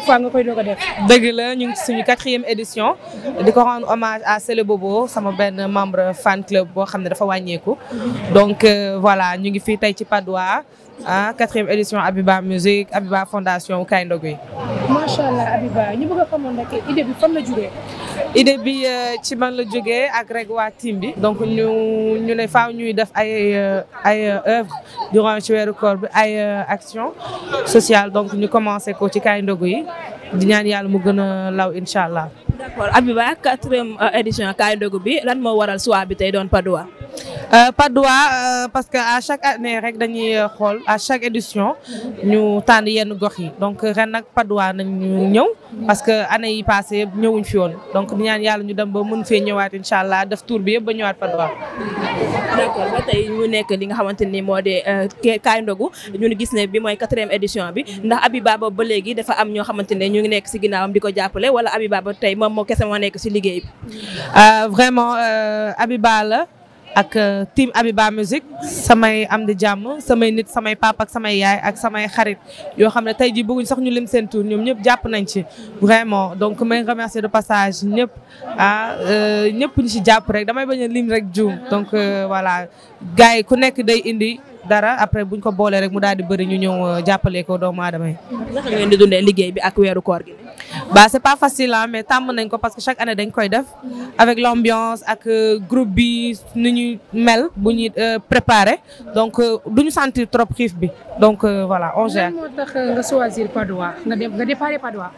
première fois nga koy doog a la ñu ngi ci suñu quatrième édition. di ko rendre hommage à Sele Bobo sama benn membre fan club boo xam ne dafa wàññeeku. donc euh, voilà ñu ngi fii tey ci Padois ah quatrième édition Abiba Musique Abiba Fondation Kaay Ndogu yi macha allah Abiba ñu bëgg a xamoon rek idée bi fan la jógee. idée bi euh, ci man la jógee ak rek waa team bi. donc ñu ñu ne faaw ñuy def ay euh, ay euh, œuvre durant ci weeru koor bi ay action sociale donc ñu commencé ko ci kaay ndogu yi di ñaan yàlla mu gën a law incha allah. d' accord Abiba quatrième édition kaay ndogu bi lan moo waral soir bi tey doon Padoa. Euh, Padois euh, parce que à chaque année rek dañuy xool à chaque édition ñu tànn yenn gox yi donc ren nag Padois nañu ñëw parce que années yi passé ñëwuñ fi woon donc di ñaan yàlla ñu dem ba mun fee ñëwaat incha allah def tour bi yëpp ba ñëwaat Padois. d'accord ba tey ñu nekk li nga xamante ni moo de euh, kaay ndogu ñu gis ne bi mooy quatrième édition bi ndax Abiba ba léegi dafa am ñoo xamante ne ñu ngi nekk si ginnaawam di ko jàppale wala Abiba ba tey moom moo kese moo nekk si liggéey ak euh, team Abiba Musique samay am di jàmm samay nit samay papa ak samay yaay ak samay xarit yoo xam ne tey jii bëgguñ sax ñu lim seen tour ñoom ñëpp jàpp nañ ci vraiment donc may remercier de passage ñëpp ah euh, ñëpp ñu ci jàpp rek damay bañ a lim rek juum donc euh, voilà gars yi ku nekk day indi dara après buñ ko boolee rek mu daal di bëri ñu ñëw jàppale ko doomu aadama yi. naka dundee liggéey bi ak weeru koor gi. bah c'est pas facile mais tàmm nañ ko parce que chaque année dañ koy def avec l'ambiance ak euh, groupe bi ni ñu mel bu ñuy euh, préparé donc euh, du ñu sentir trop xiif bi donc voilà on gère. moo tax nga choisir Padois nga nga déparé Padois.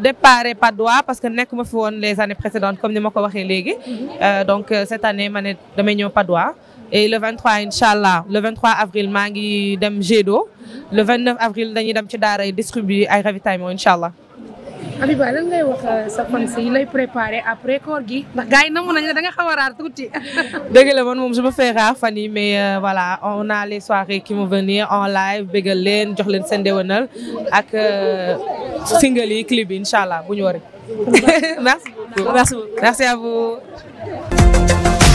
déparé Padois que nekk ma fi woon les années précédentes comme ni ma ko waxee léegi. Mhm. donc cette année ma ne damay ñëw Padois. et le 23 incha allah le 23 avril maa ngi dem Gédo le 29 avril dañuy dem ci daara distribuer ay ravitaillement incha allah. Habiba lan ngay wax ah, sa fans yi lay préparé après ah, koor gi ndax gars yi namu nañ la da nga xaw a raar tuuti. dëgg la man moom su ma fee raar fan yi mais ah, voilà on a les soirées qui vont venir en live bégal leen jox leen seen déwénal ak single yi clip yi incha allah bu ñu waree. merci beaucoup merci beaucoup merci à vous.